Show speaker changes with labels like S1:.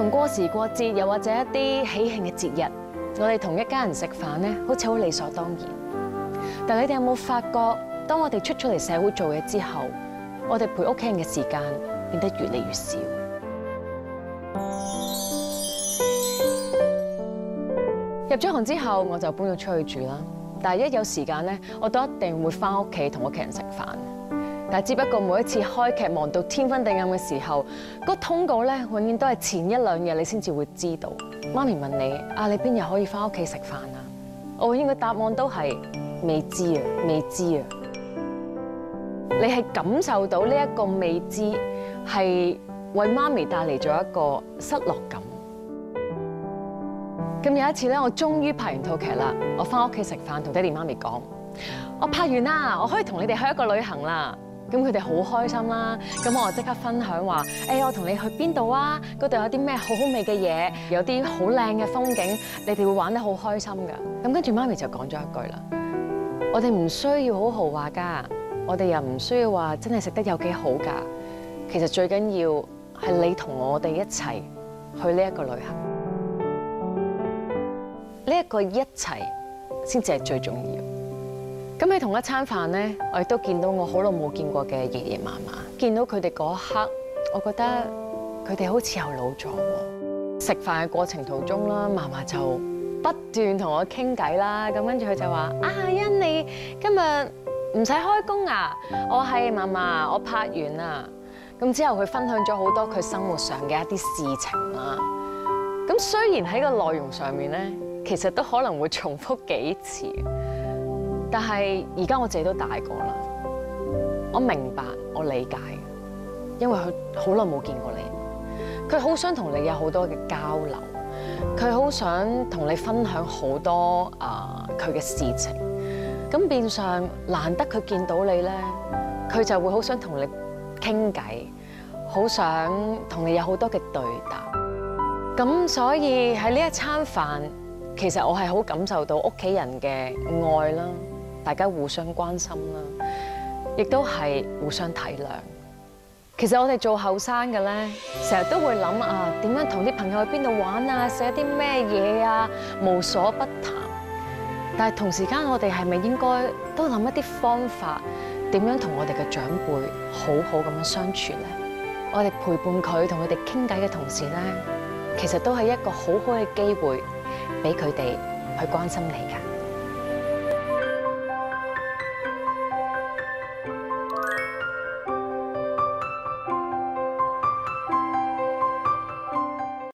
S1: 同過時過節，又或者一啲喜慶嘅節日，我哋同一家人食飯咧，好似好理所當然。但你哋有冇發覺，當我哋出咗嚟社會做嘢之後，我哋陪屋企人嘅時間變得越嚟越少。入咗行之後，我就搬咗出去住啦。但係一有時間咧，我都一定會返屋企同屋企人食飯。但只不過每一次開劇忙到天昏地暗嘅時候，個通告咧，永遠都係前一兩日你先至會知道。媽咪問你：啊，你邊日可以翻屋企食飯啊？我永遠嘅答案都係未知啊，未知啊。你係感受到呢一個未知係為媽咪帶嚟咗一個失落感。咁有一次咧，我終於拍完套劇啦，我翻屋企食飯，同爹哋媽咪講：我拍完啦，我可以同你哋去一個旅行啦。咁佢哋好開心啦，咁我就即刻分享話，誒，我同你去邊度啊？嗰度有啲咩好好味嘅嘢，有啲好靚嘅風景，你哋會玩得好開心㗎。咁跟住媽咪就講咗一句啦，我哋唔需要好豪華㗎，我哋又唔需要話真係食得有幾好㗎。其實最緊要係你同我哋一齊去呢一個旅行，這個，呢一個一齊先至係最重要。咁喺同一餐飯咧，我亦都見到我好耐冇見過嘅爺爺嫲嫲。見到佢哋嗰一刻，我覺得佢哋好似又老咗喎。食飯嘅過程途中啦，嫲嫲就不斷同我傾偈啦。咁跟住佢就話：啊，欣你今日唔使開工啊！我係嫲嫲，我拍完啦。咁之後佢分享咗好多佢生活上嘅一啲事情啦。咁雖然喺個內容上面咧，其實都可能會重複幾次。但係而家我自己都大個啦，我明白，我理解，因為佢好耐冇見過你，佢好想同你有好多嘅交流，佢好想同你分享好多啊佢嘅事情，咁變相難得佢見到你咧，佢就會好想同你傾偈，好想同你有好多嘅對答，咁所以喺呢一餐飯，其實我係好感受到屋企人嘅愛啦。大家互相關心啦，亦都係互相體諒。其實我哋做後生嘅咧，成日都會諗啊，點樣同啲朋友去邊度玩啊，寫啲咩嘢啊，無所不談。但係同時間，我哋係咪應該都諗一啲方法，點樣同我哋嘅長輩好好咁樣相處咧？我哋陪伴佢同佢哋傾偈嘅同時咧，其實都係一個好好嘅機會，俾佢哋去關心你㗎。